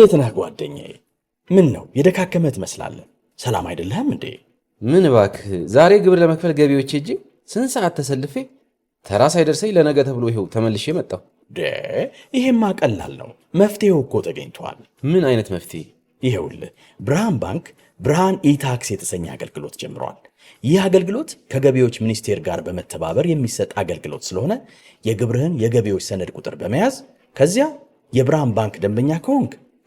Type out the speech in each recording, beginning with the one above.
እንዴት ነህ ጓደኛዬ? ምን ነው የደካከመ ትመስላለህ። ሰላም አይደለህም እንዴ? ምን እባክህ፣ ዛሬ ግብር ለመክፈል ገቢዎች ሄጄ ስንት ሰዓት ተሰልፌ ተራ ሳይደርሰኝ ለነገ ተብሎ ይኸው ተመልሼ መጣሁ። ደ ይሄማ ቀላል ነው። መፍትሄው እኮ ተገኝቷል። ምን አይነት መፍትሄ? ይኸውልህ ብርሃን ባንክ ብርሃን ኢታክስ የተሰኘ አገልግሎት ጀምሯል። ይህ አገልግሎት ከገቢዎች ሚኒስቴር ጋር በመተባበር የሚሰጥ አገልግሎት ስለሆነ የግብርህን የገቢዎች ሰነድ ቁጥር በመያዝ ከዚያ የብርሃን ባንክ ደንበኛ ከሆንክ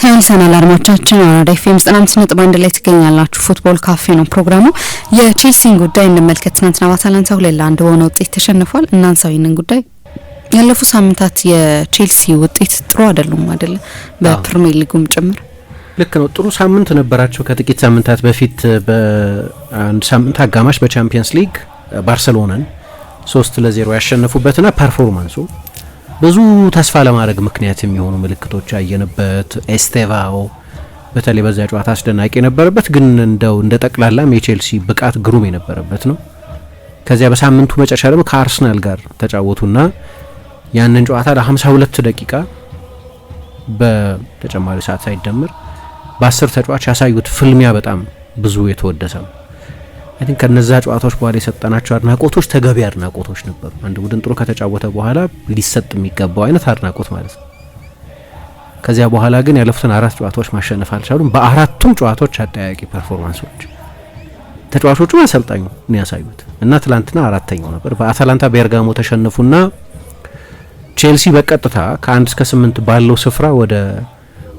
ተመልሰናል አድማጮቻችን አራዳ ኤፍ ኤም ዘጠና አምስት ነጥብ አንድ ላይ ትገኛላችሁ። ፉትቦል ካፌ ነው ፕሮግራሙ። የቼልሲን ጉዳይ እንመልከት። ትናንትና ባታላንታ ሁለት ለአንድ በሆነ ውጤት ተሸንፏል። እናንሳው ይህንን ጉዳይ። ያለፉ ሳምንታት የቼልሲ ውጤት ጥሩ አይደሉም አይደለ? በፕሪሚየር ሊጉም ጭምር ልክ ነው። ጥሩ ሳምንት ነበራቸው። ከጥቂት ሳምንታት በፊት በአንድ ሳምንት አጋማሽ በቻምፒየንስ ሊግ ባርሰሎናን ሶስት ለዜሮ ያሸነፉበትና ፐርፎርማንሱ ብዙ ተስፋ ለማድረግ ምክንያት የሚሆኑ ምልክቶች ያየንበት ኤስቴቫኦ በተለይ በዚያ ጨዋታ አስደናቂ የነበረበት ግን እንደው እንደ ጠቅላላም የቼልሲ ብቃት ግሩም የነበረበት ነው። ከዚያ በሳምንቱ መጨረሻ ደግሞ ከአርስናል ጋር ተጫወቱና ያንን ጨዋታ ለ52 ደቂቃ በተጨማሪ ሰዓት ሳይደምር በአስር ተጫዋች ያሳዩት ፍልሚያ በጣም ብዙ የተወደሰ ነው። አይን ከነዛ ጨዋታዎች በኋላ የሰጠናቸው አድናቆቶች ተገቢ አድናቆቶች ነበሩ። አንድ ቡድን ጥሩ ከተጫወተ በኋላ ሊሰጥ የሚገባው አይነት አድናቆት ማለት ነው። ከዚያ በኋላ ግን ያለፉትን አራት ጨዋታዎች ማሸነፍ አልቻሉም። በአራቱም ጨዋታዎች አጠያቂ ፐርፎርማንሶች ተጫዋቾቹ አሰልጣኙ ነው ያሳዩት እና ትላንትና አራተኛው ነበር። በአታላንታ ቤርጋሞ ተሸነፉና ቼልሲ በቀጥታ ከአንድ እስከ ስምንት ባለው ስፍራ ወደ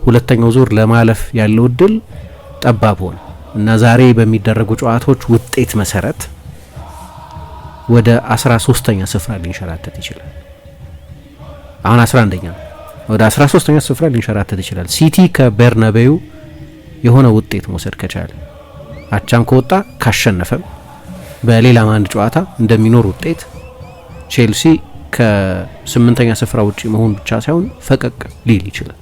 ሁለተኛው ዙር ለማለፍ ያለው እድል ጠባብ ሆነ። እና ዛሬ በሚደረጉ ጨዋታዎች ውጤት መሰረት ወደ 13ኛ ስፍራ ሊንሸራተት ይችላል። አሁን 11ኛ ነው፣ ወደ 13ኛ ስፍራ ሊንሸራተት ይችላል። ሲቲ ከበርናቤዩ የሆነ ውጤት መውሰድ ከቻለ አቻም ከወጣ ካሸነፈም በሌላም አንድ ጨዋታ እንደሚኖር ውጤት ቼልሲ ከስምንተኛ ስፍራ ውጪ መሆን ብቻ ሳይሆን ፈቀቅ ሊል ይችላል።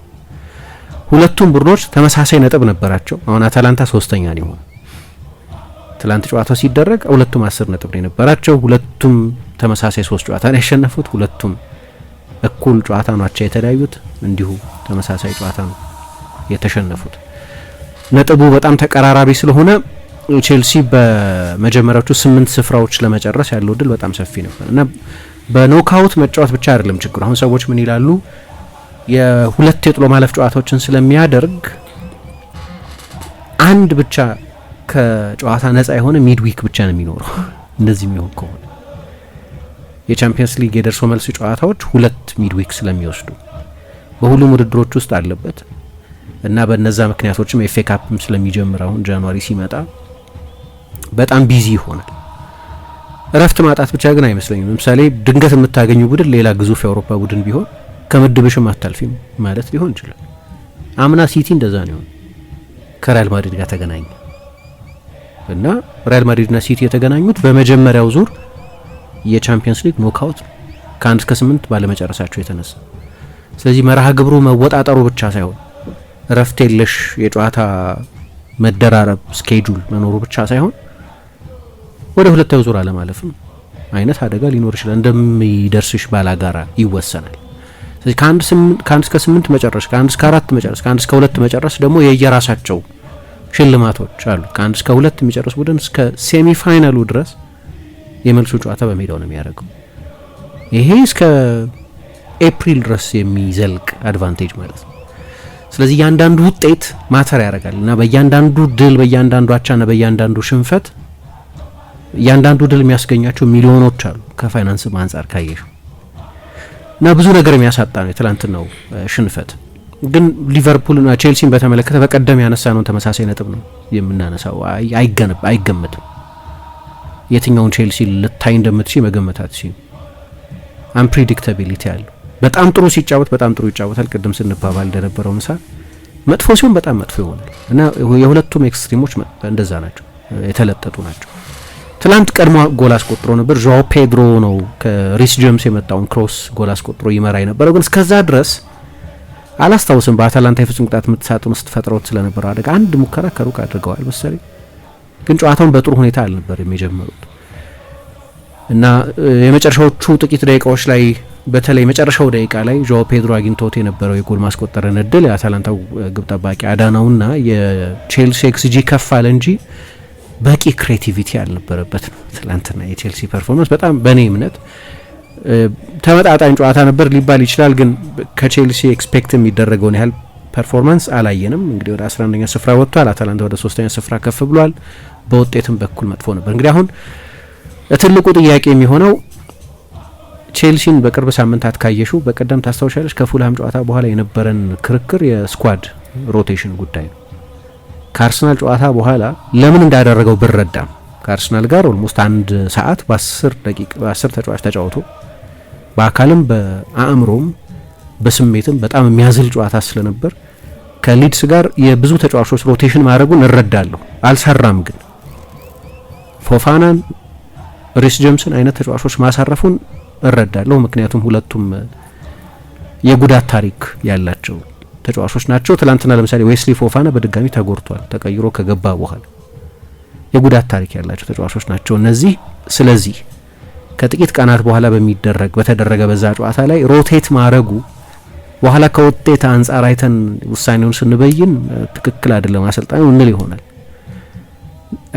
ሁለቱም ቡድኖች ተመሳሳይ ነጥብ ነበራቸው። አሁን አታላንታ ሶስተኛ ሊሆን ትላንት ጨዋታው ሲደረግ ሁለቱም አስር ነጥብ ነው የነበራቸው። ሁለቱም ተመሳሳይ ሶስት ጨዋታ ነው ያሸነፉት። ሁለቱም እኩል ጨዋታ ነው አቻ የተለያዩት፣ እንዲሁ ተመሳሳይ ጨዋታ ነው የተሸነፉት። ነጥቡ በጣም ተቀራራቢ ስለሆነ ቼልሲ በመጀመሪያዎቹ ስምንት ስፍራዎች ለመጨረስ ያለው እድል በጣም ሰፊ ነበር እና በኖካውት መጫወት ብቻ አይደለም ችግሩ። አሁን ሰዎች ምን ይላሉ? የሁለት የጥሎ ማለፍ ጨዋታዎችን ስለሚያደርግ አንድ ብቻ ከጨዋታ ነጻ የሆነ ሚድዊክ ብቻ ነው የሚኖረው። እንደዚህ የሚሆን ከሆነ የቻምፒየንስ ሊግ የደርሶ መልስ ጨዋታዎች ሁለት ሚድዊክ ስለሚወስዱ በሁሉም ውድድሮች ውስጥ አለበት እና በነዛ ምክንያቶችም ኤፌ ካፕም ስለሚጀምር አሁን ጃንዋሪ ሲመጣ በጣም ቢዚ ይሆናል። እረፍት ማጣት ብቻ ግን አይመስለኝም። ለምሳሌ ድንገት የምታገኙ ቡድን ሌላ ግዙፍ የአውሮፓ ቡድን ቢሆን ከምድብሽም አታልፊም ማለት ሊሆን ይችላል። አምና ሲቲ እንደዛ ነው ከሪያል ማድሪድ ጋር ተገናኘ እና ሪያል ማድሪድና ሲቲ የተገናኙት በመጀመሪያው ዙር የቻምፒየንስ ሊግ ኖክአውት ከአንድ እስከ ስምንት ባለመጨረሳቸው የተነሳ ስለዚህ መርሃ ግብሩ መወጣጠሩ ብቻ ሳይሆን እረፍት የለሽ የጨዋታ መደራረብ ስኬጁል መኖሩ ብቻ ሳይሆን ወደ ሁለታዊ ዙር አለማለፍም አይነት አደጋ ሊኖር ይችላል። እንደሚደርስሽ ባላጋራ ይወሰናል። ስለዚህ ከአንድ እስከ ስምንት መጨረስ፣ ከአንድ እስከ አራት መጨረስ፣ ከአንድ እስከ ሁለት መጨረስ ደግሞ የየራሳቸው ሽልማቶች አሉ። ከአንድ እስከ ሁለት የሚጨርስ ቡድን እስከ ሴሚፋይናሉ ድረስ የመልሱ ጨዋታ በሜዳው ነው የሚያደርገው። ይሄ እስከ ኤፕሪል ድረስ የሚዘልቅ አድቫንቴጅ ማለት ነው። ስለዚህ እያንዳንዱ ውጤት ማተር ያደርጋል እና በእያንዳንዱ ድል፣ በእያንዳንዱ አቻና በእያንዳንዱ ሽንፈት እያንዳንዱ ድል የሚያስገኛቸው ሚሊዮኖች አሉ ከፋይናንስም አንጻር ካየሽው እና ብዙ ነገር የሚያሳጣ ነው የትላንትናው ሽንፈት። ግን ሊቨርፑልና ቼልሲን በተመለከተ በቀደም ያነሳ ነውን ተመሳሳይ ነጥብ ነው የምናነሳው። አይገመትም የትኛውን ቼልሲ ልታይ እንደምትችል መገመታት ሲ አንፕሪዲክታቢሊቲ አለ። በጣም ጥሩ ሲጫወት በጣም ጥሩ ይጫወታል። ቅድም ስንባባል እንደነበረው ምሳ መጥፎ ሲሆን በጣም መጥፎ ይሆናል እና የሁለቱም ኤክስትሪሞች እንደዛ ናቸው፣ የተለጠጡ ናቸው። ትላንት ቀድሞ ጎል አስቆጥሮ ነበር። ዣኦ ፔድሮ ነው ከሪስ ጀምስ የመጣውን ክሮስ ጎል አስቆጥሮ ይመራ የነበረው። ግን እስከዛ ድረስ አላስታውስም። በአታላንታ የፍጹም ቅጣት ምት ሳጥን ውስጥ ፈጥረውት ስለነበረው አደጋ አንድ ሙከራ ከሩቅ አድርገዋል መሰለኝ። ግን ጨዋታውን በጥሩ ሁኔታ አልነበርም የጀመሩት እና የመጨረሻዎቹ ጥቂት ደቂቃዎች ላይ በተለይ መጨረሻው ደቂቃ ላይ ዣኦ ፔድሮ አግኝቶት የነበረው የጎል ማስቆጠረን እድል የአታላንታው ግብ ጠባቂ አዳናውና የቼልሲ ኤክስጂ ከፍ አለ እንጂ በቂ ክሬቲቪቲ አልነበረበት ነው። ትላንትና የቼልሲ ፐርፎርማንስ በጣም በእኔ እምነት ተመጣጣኝ ጨዋታ ነበር ሊባል ይችላል፣ ግን ከቼልሲ ኤክስፔክት የሚደረገውን ያህል ፐርፎርማንስ አላየንም። እንግዲህ ወደ 11ኛ ስፍራ ወጥቷል። አታላንታ ወደ ሶስተኛ ስፍራ ከፍ ብሏል። በውጤትም በኩል መጥፎ ነበር። እንግዲህ አሁን ትልቁ ጥያቄ የሚሆነው ቼልሲን በቅርብ ሳምንታት ካየሹ በቀደም ታስታውሻለች ከፉልሃም ጨዋታ በኋላ የነበረን ክርክር የስኳድ ሮቴሽን ጉዳይ ነው። ከአርሰናል ጨዋታ በኋላ ለምን እንዳደረገው ብረዳም ከአርሰናል ጋር ኦልሞስት አንድ ሰዓት በአስር ደቂቃ በአስር ተጫዋች ተጫውቶ በአካልም በአእምሮም በስሜትም በጣም የሚያዝል ጨዋታ ስለነበር ከሊድስ ጋር የብዙ ተጫዋቾች ሮቴሽን ማድረጉን እረዳለሁ። አልሰራም ግን ፎፋናን፣ ሪስ ጀምስን አይነት ተጫዋቾች ማሳረፉን እረዳለሁ። ምክንያቱም ሁለቱም የጉዳት ታሪክ ያላቸው ተጫዋቾች ናቸው። ትላንትና ለምሳሌ ዌስሊ ፎፋና በድጋሚ ተጎድቷል። ተቀይሮ ከገባ በኋላ የጉዳት ታሪክ ያላቸው ተጫዋቾች ናቸው እነዚህ። ስለዚህ ከጥቂት ቀናት በኋላ በሚደረግ በተደረገ በዛ ጨዋታ ላይ ሮቴት ማድረጉ በኋላ ከውጤት አንጻር አይተን ውሳኔውን ስንበይን ትክክል አይደለም አሰልጣኙ እንል ይሆናል።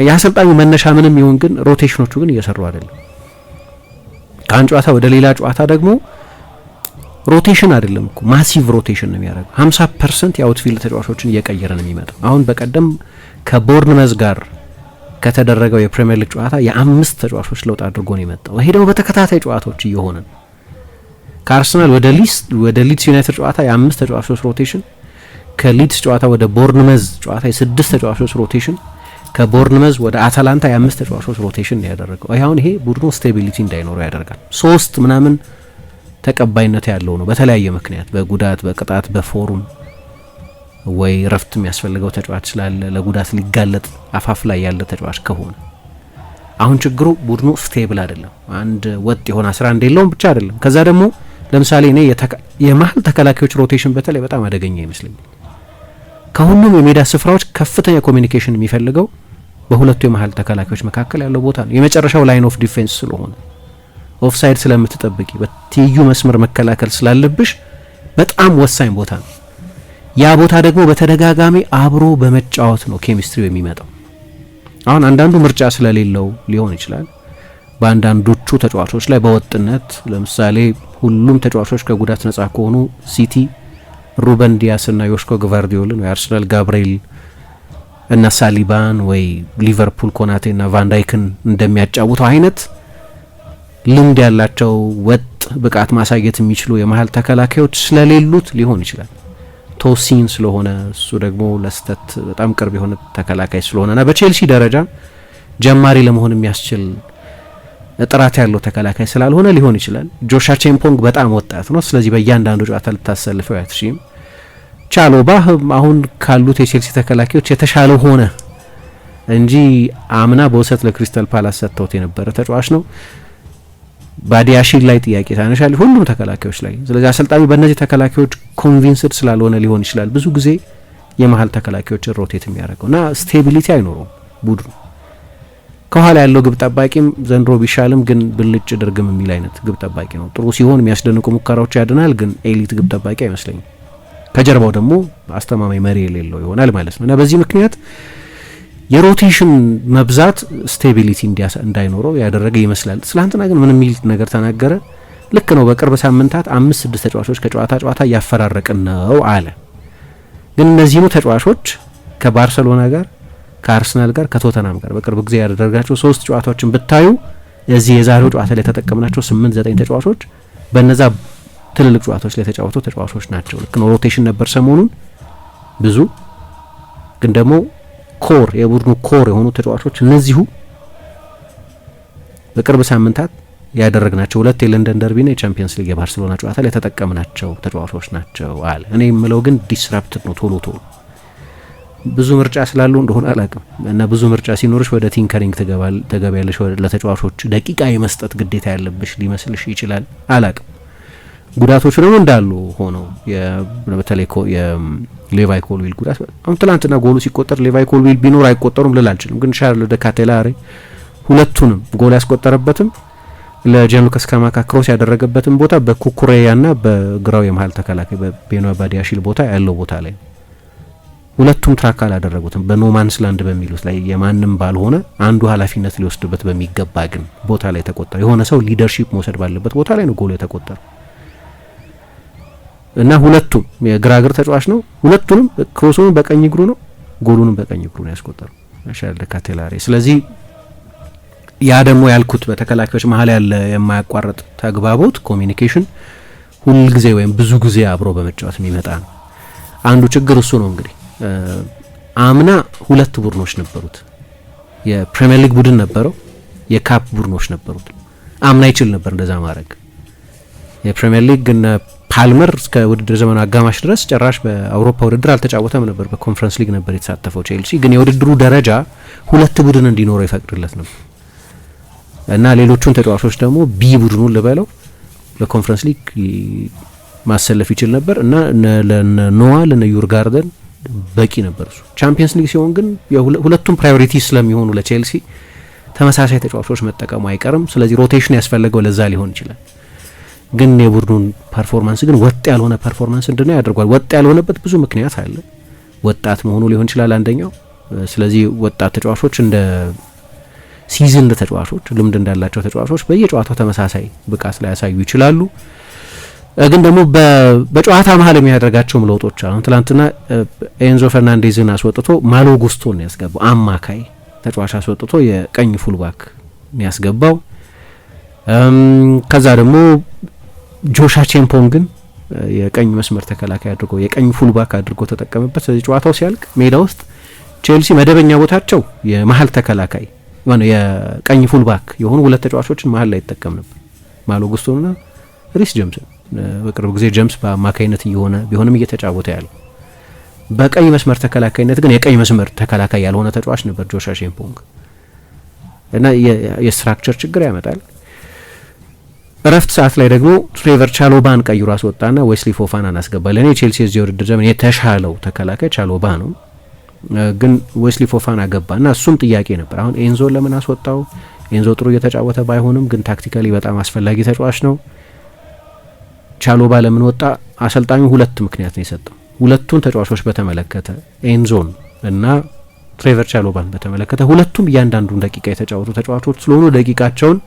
የአሰልጣኙ መነሻ ምንም ይሁን ግን ሮቴሽኖቹ ግን እየሰሩ አይደለም። ከአንድ ጨዋታ ወደ ሌላ ጨዋታ ደግሞ ሮቴሽን አይደለም እኮ ማሲቭ ሮቴሽን ነው የሚያደርገው። 50 ፐርሰንት የአውትፊልድ ተጫዋቾችን እየቀየረ ነው የሚመጣው። አሁን በቀደም ከቦርንመዝ ጋር ከተደረገው የፕሪምየር ሊግ ጨዋታ የአምስት ተጫዋቾች ለውጥ አድርጎ ነው የመጣው። ይሄ ደግሞ በተከታታይ ጨዋታዎች እየሆነ ነው። ከአርሰናል ወደ ሊስ ወደ ሊድስ ዩናይትድ ጨዋታ የአምስት ተጫዋቾች ሮቴሽን፣ ከሊድስ ጨዋታ ወደ ቦርንመዝ ጨዋታ የስድስት ተጫዋቾች ሮቴሽን፣ ከቦርንመዝ ወደ አታላንታ የአምስት ተጫዋቾች ሮቴሽን ነው ያደረገው። አሁን ይሄ ቡድኑ ስቴቢሊቲ እንዳይኖረው ያደርጋል። ሶስት ምናምን ተቀባይነት ያለው ነው። በተለያየ ምክንያት በጉዳት በቅጣት በፎርም ወይ እረፍት የሚያስፈልገው ተጫዋች ስላለ ለጉዳት ሊጋለጥ አፋፍ ላይ ያለ ተጫዋች ከሆነ አሁን ችግሩ ቡድኑ ስቴብል አይደለም። አንድ ወጥ የሆነ አስራ አንድ የለውም ብቻ አይደለም። ከዛ ደግሞ ለምሳሌ እኔ የመሀል ተከላካዮች ሮቴሽን በተለይ በጣም አደገኛ ይመስለኛል። ከሁሉም የሜዳ ስፍራዎች ከፍተኛ ኮሚኒኬሽን የሚፈልገው በሁለቱ የመሀል ተከላካዮች መካከል ያለው ቦታ ነው፣ የመጨረሻው ላይን ኦፍ ዲፌንስ ስለሆነ ኦፍሳይድ ስለምትጠብቂ በትይዩ መስመር መከላከል ስላለብሽ በጣም ወሳኝ ቦታ ነው። ያ ቦታ ደግሞ በተደጋጋሚ አብሮ በመጫወት ነው ኬሚስትሪው የሚመጣው። አሁን አንዳንዱ ምርጫ ስለሌለው ሊሆን ይችላል። በአንዳንዶቹ ተጫዋቾች ላይ በወጥነት ለምሳሌ ሁሉም ተጫዋቾች ከጉዳት ነጻ ከሆኑ ሲቲ ሩበን እና ዮሽኮ ግቫርዲዮልን ወይ አርሰናል ጋብርኤል እና ሳሊባን ወይ ሊቨርፑል እና ቫንዳይክን እንደሚያጫውተው አይነት ልምድ ያላቸው ወጥ ብቃት ማሳየት የሚችሉ የመሀል ተከላካዮች ስለሌሉት ሊሆን ይችላል። ቶሲን ስለሆነ እሱ ደግሞ ለስተት በጣም ቅርብ የሆነ ተከላካይ ስለሆነና በቼልሲ ደረጃ ጀማሪ ለመሆን የሚያስችል ጥራት ያለው ተከላካይ ስላልሆነ ሊሆን ይችላል። ጆሻ ቼምፖንግ በጣም ወጣት ነው። ስለዚህ በእያንዳንዱ ጨዋታ ልታሰልፈው ያትሽም ቻሎባ አሁን ካሉት የቼልሲ ተከላካዮች የተሻለ ሆነ እንጂ አምና በውሰት ለክሪስታል ፓላስ ሰጥተውት የነበረ ተጫዋች ነው። ባዲያሺን ላይ ጥያቄ ታነሻል፣ ሁሉም ተከላካዮች ላይ። ስለዚህ አሰልጣኙ በእነዚህ ተከላካዮች ኮንቪንስድ ስላልሆነ ሊሆን ይችላል ብዙ ጊዜ የመሀል ተከላካዮችን ሮቴት የሚያደርገው እና ስቴቢሊቲ አይኖረውም ቡድኑ። ከኋላ ያለው ግብ ጠባቂም ዘንድሮ ቢሻልም ግን ብልጭ ድርግም የሚል አይነት ግብ ጠባቂ ነው። ጥሩ ሲሆን የሚያስደንቁ ሙከራዎች ያድናል፣ ግን ኤሊት ግብ ጠባቂ አይመስለኝም። ከጀርባው ደግሞ አስተማማኝ መሪ የሌለው ይሆናል ማለት ነው እና በዚህ ምክንያት የሮቴሽን መብዛት ስቴቢሊቲ እንዳይኖረው ያደረገ ይመስላል። ትላንትና ግን ምን የሚል ነገር ተናገረ? ልክ ነው። በቅርብ ሳምንታት አምስት ስድስት ተጫዋቾች ከጨዋታ ጨዋታ እያፈራረቅን ነው አለ። ግን እነዚህኑ ተጫዋቾች ከባርሰሎና ጋር፣ ከአርሰናል ጋር፣ ከቶተናም ጋር በቅርብ ጊዜ ያደረጋቸው ሶስት ጨዋታዎችን ብታዩ እዚህ የዛሬው ጨዋታ ላይ የተጠቀምናቸው ስምንት ዘጠኝ ተጫዋቾች በነዛ ትልልቅ ጨዋታዎች ላይ የተጫወቱ ተጫዋቾች ናቸው። ልክ ነው። ሮቴሽን ነበር ሰሞኑን ብዙ ግን ደግሞ ኮር የቡድኑ ኮር የሆኑ ተጫዋቾች እነዚሁ በቅርብ ሳምንታት ያደረግናቸው ሁለት የለንደን ደርቢና የቻምፒየንስ ሊግ የባርሴሎና ጨዋታ ላይ የተጠቀምናቸው ተጫዋቾች ናቸው አለ። እኔ የምለው ግን ዲስራፕት ነው ቶሎ ቶሎ ብዙ ምርጫ ስላሉ እንደሆነ አላውቅም። እና ብዙ ምርጫ ሲኖርሽ ወደ ቲንከሪንግ ትገቢያለሽ፣ ለተጫዋቾች ደቂቃ የመስጠት ግዴታ ያለብሽ ሊመስልሽ ይችላል። አላቅም። ጉዳቶቹ ደግሞ እንዳሉ ሆነው በተለይ የሌቫይ ኮልዊል ጉዳት አሁን ትላንትና ጎሉ ሲቆጠር ሌቫይ ኮልዊል ቢኖር አይቆጠሩም ልል አልችልም፣ ግን ሻርል ደ ካቴላሬ ሁለቱንም ጎል ያስቆጠረበትም ለጃንሉካስ ካማካ ክሮስ ያደረገበትም ቦታ በኩኩሬያ ና በግራው የመሀል ተከላካይ በቤኖ ባዲያሺል ቦታ ያለው ቦታ ላይ ሁለቱም ትራክ አላደረጉትም። በኖማንስላንድ በሚሉት ላይ የማንም ባልሆነ አንዱ ኃላፊነት ሊወስድበት በሚገባ ግን ቦታ ላይ ተቆጠረ። የሆነ ሰው ሊደርሺፕ መውሰድ ባለበት ቦታ ላይ ነው ጎሉ የተቆጠረ። እና ሁለቱም የግራግር ተጫዋች ነው። ሁለቱንም ክሮሱንም በቀኝ እግሩ ነው፣ ጎሉንም በቀኝ እግሩ ነው ያስቆጠረው ሻርል ካቴላሬ። ስለዚህ ያ ደግሞ ያልኩት በተከላካዮች መሀል ያለ የማያቋርጥ ተግባቦት ኮሚኒኬሽን፣ ሁልጊዜ ወይም ብዙ ጊዜ አብሮ በመጫወት የሚመጣ ነው። አንዱ ችግር እሱ ነው። እንግዲህ አምና ሁለት ቡድኖች ነበሩት። የፕሪሚየር ሊግ ቡድን ነበረው፣ የካፕ ቡድኖች ነበሩት። አምና ይችል ነበር እንደዛ ማድረግ የፕሪሚየር ሊግ ፓልመር እስከ ውድድር ዘመኑ አጋማሽ ድረስ ጭራሽ በአውሮፓ ውድድር አልተጫወተም ነበር። በኮንፈረንስ ሊግ ነበር የተሳተፈው። ቼልሲ ግን የውድድሩ ደረጃ ሁለት ቡድን እንዲኖረው ይፈቅድለት ነበር እና ሌሎቹን ተጫዋቾች ደግሞ ቢ ቡድኑን ልበለው በኮንፈረንስ ሊግ ማሰለፍ ይችል ነበር እና ለኖዋ ለነዩር ጋርደን በቂ ነበር እሱ። ቻምፒየንስ ሊግ ሲሆን ግን ሁለቱም ፕራዮሪቲ ስለሚሆኑ ለቼልሲ ተመሳሳይ ተጫዋቾች መጠቀሙ አይቀርም። ስለዚህ ሮቴሽን ያስፈለገው ለዛ ሊሆን ይችላል። ግን የቡድኑን ፐርፎርማንስ ግን ወጥ ያልሆነ ፐርፎርማንስ እንድና ያደርጓል። ወጥ ያልሆነበት ብዙ ምክንያት አለ። ወጣት መሆኑ ሊሆን ይችላል አንደኛው። ስለዚህ ወጣት ተጫዋቾች እንደ ሲዝንድ ተጫዋቾች ልምድ እንዳላቸው ተጫዋቾች በየጨዋታው ተመሳሳይ ብቃት ያሳዩ ይችላሉ። ግን ደግሞ በጨዋታ መሀል የሚያደርጋቸውም ለውጦች አሁን ትላንትና ኤንዞ ፈርናንዴዝን አስወጥቶ ማሎ ጉስቶን ያስገባው አማካይ ተጫዋች አስወጥቶ የቀኝ ፉልባክ ያስገባው ከዛ ደግሞ ጆሻ ቼምፖንግን የቀኝ መስመር ተከላካይ አድርጎ የቀኝ ፉልባክ አድርጎ ተጠቀመበት። ስለዚህ ጨዋታው ሲያልቅ ሜዳ ውስጥ ቼልሲ መደበኛ ቦታቸው የመሀል ተከላካይ የቀኝ ፉልባክ የሆኑ ሁለት ተጫዋቾችን መሀል ላይ ይጠቀም ነበር፣ ማሎ ጉስቶና ሪስ ጀምስ። በቅርብ ጊዜ ጀምስ በአማካይነት እየሆነ ቢሆንም እየተጫወተ ያለው በቀኝ መስመር ተከላካይነት ግን የቀኝ መስመር ተከላካይ ያልሆነ ተጫዋች ነበር ጆሻ ቼምፖንግ እና የስትራክቸር ችግር ያመጣል። እረፍት ሰዓት ላይ ደግሞ ትሬቨር ቻሎባን ቀይሮ አስወጣና ዌስሊ ፎፋናን አስገባ። ለእኔ ቼልሲ የዚህ ውድድር ዘመን የተሻለው ተከላካይ ቻሎባ ነው፣ ግን ዌስሊ ፎፋና ገባና እሱም ጥያቄ ነበር። አሁን ኤንዞ ለምን አስወጣው? ኤንዞ ጥሩ እየተጫወተ ባይሆንም ግን ታክቲካሊ በጣም አስፈላጊ ተጫዋች ነው። ቻሎባ ለምን ወጣ? አሰልጣኙ ሁለት ምክንያት ነው የሰጠው። ሁለቱን ተጫዋቾች በተመለከተ ኤንዞን እና ትሬቨር ቻሎባን በተመለከተ ሁለቱም እያንዳንዱን ደቂቃ የተጫወቱ ተጫዋቾች ስለሆኑ ደቂቃቸውን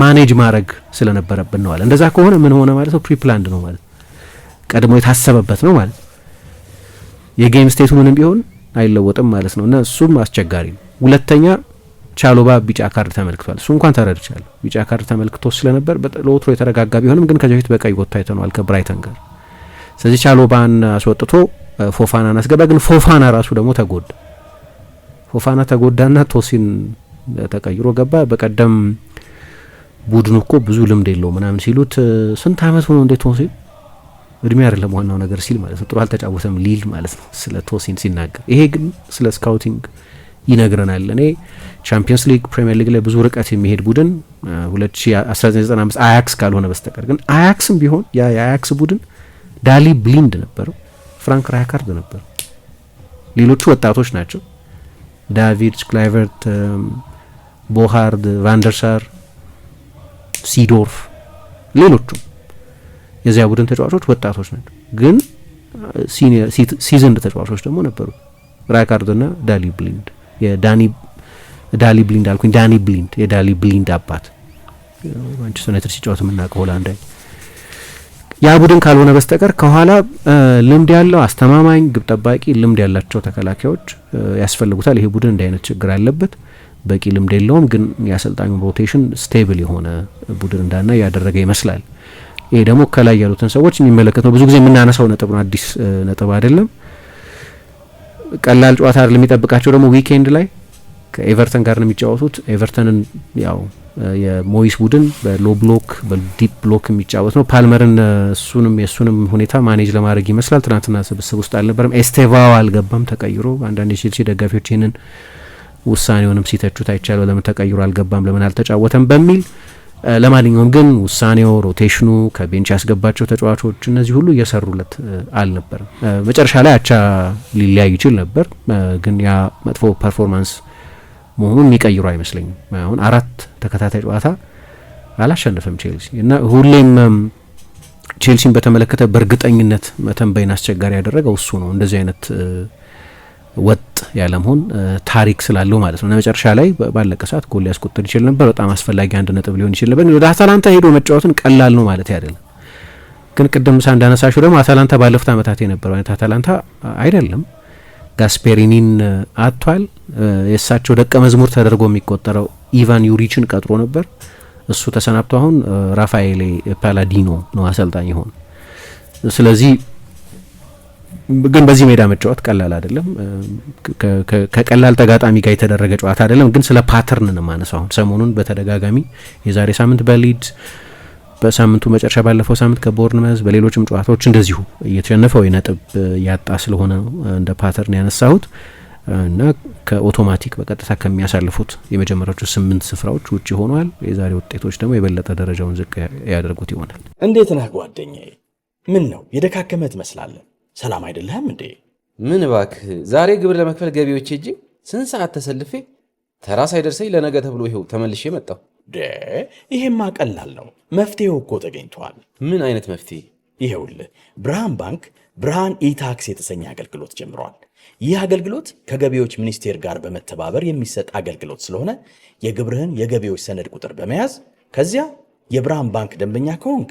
ማኔጅ ማድረግ ስለነበረብን ነው አለ። እንደዛ ከሆነ ምን ሆነ ማለት ነው? ፕሪፕላንድ ነው ማለት ቀድሞ የታሰበበት ነው ማለት የጌም ስቴቱ ምንም ቢሆን አይለወጥም ማለት ነው። እና እሱም አስቸጋሪ ነው። ሁለተኛ ቻሎባ ቢጫ ካርድ ተመልክቷል። እሱ እንኳን ተረድቻለሁ። ቢጫ ካርድ ተመልክቶ ስለነበር ለወትሮ የተረጋጋ ቢሆንም ግን ከዚ በፊት በቀይ ወጥቶ አይተነዋል ከብራይተን ጋር። ስለዚህ ቻሎባን አስወጥቶ ፎፋናን አስገባ። ግን ፎፋና ራሱ ደግሞ ተጎዳ። ፎፋና ተጎዳና ቶሲን ተቀይሮ ገባ። በቀደም ቡድኑ እኮ ብዙ ልምድ የለው ምናምን ሲሉት ስንት አመት ሆኖ እንዴት ሆኖ ሲል እድሜ አይደለም ዋናው ነገር ሲል ማለት ነው። ጥሩ አልተጫወተም ሊል ማለት ነው ስለ ቶሲን ሲናገር። ይሄ ግን ስለ ስካውቲንግ ይነግረናል። እኔ ቻምፒየንስ ሊግ ፕሪሚየር ሊግ ላይ ብዙ ርቀት የሚሄድ ቡድን 1995 አያክስ ካልሆነ በስተቀር ግን አያክስም ቢሆን ያ የአያክስ ቡድን ዳሊ ብሊንድ ነበረው፣ ፍራንክ ራይካርድ ነበር ሌሎቹ ወጣቶች ናቸው። ዳቪድ ክላይቨርት፣ ቦሃርድ፣ ቫንደርሳር ሲዶርፍ፣ ሌሎቹም የዚያ ቡድን ተጫዋቾች ወጣቶች ናቸው፣ ግን ሲዝንድ ተጫዋቾች ደግሞ ነበሩ። ራይካርድ ና ዳሊ ብሊንድ የዳኒ ዳሊ ብሊንድ አልኩኝ፣ ዳኒ ብሊንድ የዳሊ ብሊንድ አባት ማንቸስተር ዩናይትድ ሲጫወት የምናውቀው ሆላንዳዊ ያ ቡድን ካልሆነ በስተቀር ከኋላ ልምድ ያለው አስተማማኝ ግብ ጠባቂ፣ ልምድ ያላቸው ተከላካዮች ያስፈልጉታል። ይሄ ቡድን እንዲህ አይነት ችግር አለበት። በቂ ልምድ የለውም፣ ግን የአሰልጣኙ ሮቴሽን ስቴብል የሆነ ቡድን እንዳና ያደረገ ይመስላል። ይሄ ደግሞ ከላይ ያሉትን ሰዎች የሚመለከት ነው። ብዙ ጊዜ የምናነሳው ነጥብ ነው፣ አዲስ ነጥብ አይደለም። ቀላል ጨዋታ አይደለም የሚጠብቃቸው። ደግሞ ዊኬንድ ላይ ከኤቨርተን ጋር ነው የሚጫወቱት። ኤቨርተንን ያው የሞይስ ቡድን በሎ ብሎክ በዲፕ ብሎክ የሚጫወት ነው። ፓልመርን እሱንም የእሱንም ሁኔታ ማኔጅ ለማድረግ ይመስላል። ትናንትና ስብስብ ውስጥ አልነበረም። ኤስቴቫው አልገባም ተቀይሮ። አንዳንድ የቼልሲ ደጋፊዎች ይህንን ውሳኔውንም ሲተቹት አይቻለው ለምን ተቀይሮ አልገባም፣ ለምን አልተጫወተም በሚል ለማንኛውም ግን ውሳኔው፣ ሮቴሽኑ፣ ከቤንች ያስገባቸው ተጫዋቾች እነዚህ ሁሉ እየሰሩለት አልነበርም። መጨረሻ ላይ አቻ ሊለያይ ይችል ነበር፣ ግን ያ መጥፎ ፐርፎርማንስ መሆኑን የሚቀይሩ አይመስለኝም። አሁን አራት ተከታታይ ጨዋታ አላሸነፈም ቼልሲ እና ሁሌም ቼልሲን በተመለከተ በእርግጠኝነት መተንበይን አስቸጋሪ ያደረገው እሱ ነው እንደዚህ አይነት ወጥ ያለመሆን ታሪክ ስላለው ማለት ነው ለመጨረሻ መጨረሻ ላይ ባለቀ ሰዓት ጎል ሊያስቆጥር ይችል ነበር። በጣም አስፈላጊ አንድ ነጥብ ሊሆን ይችል ነበር። ወደ አታላንታ ሄዶ መጫወትን ቀላል ነው ማለት አይደለም። ግን ቅድም ሳ እንዳነሳሽው ደግሞ አታላንታ ባለፉት ዓመታት የነበረው አይነት አታላንታ አይደለም። ጋስፔሪኒን አጥቷል። የእሳቸው ደቀ መዝሙር ተደርጎ የሚቆጠረው ኢቫን ዩሪችን ቀጥሮ ነበር። እሱ ተሰናብቶ አሁን ራፋኤሌ ፓላዲኖ ነው አሰልጣኝ ይሆን። ስለዚህ ግን በዚህ ሜዳ መጫወት ቀላል አይደለም። ከቀላል ተጋጣሚ ጋር የተደረገ ጨዋታ አይደለም። ግን ስለ ፓተርን ነው ማነሳው። አሁን ሰሞኑን በተደጋጋሚ የዛሬ ሳምንት በሊድስ በሳምንቱ መጨረሻ ባለፈው ሳምንት ከቦርንመዝ በሌሎችም ጨዋታዎች እንደዚሁ እየተሸነፈው የነጥብ ያጣ ስለሆነ እንደ ፓተርን ያነሳሁት እና ከኦቶማቲክ በቀጥታ ከሚያሳልፉት የመጀመሪያዎቹ ስምንት ስፍራዎች ውጭ ሆኗል። የዛሬ ውጤቶች ደግሞ የበለጠ ደረጃውን ዝቅ ያደርጉት ይሆናል። እንዴት ነህ ጓደኛዬ? ምን ነው የደካከመ ትመስላለን ሰላም አይደለህም እንዴ? ምን እባክህ፣ ዛሬ ግብር ለመክፈል ገቢዎች ሄጄ ስንት ሰዓት ተሰልፌ ተራ ሳይደርሰኝ ለነገ ተብሎ ይሄው ተመልሼ መጣሁ። ይሄማ ቀላል ነው፣ መፍትሄው እኮ ተገኝቷል። ምን አይነት መፍትሄ? ይሄውልህ ብርሃን ባንክ ብርሃን ኢታክስ የተሰኘ አገልግሎት ጀምሯል። ይህ አገልግሎት ከገቢዎች ሚኒስቴር ጋር በመተባበር የሚሰጥ አገልግሎት ስለሆነ የግብርህን የገቢዎች ሰነድ ቁጥር በመያዝ ከዚያ የብርሃን ባንክ ደንበኛ ከሆንክ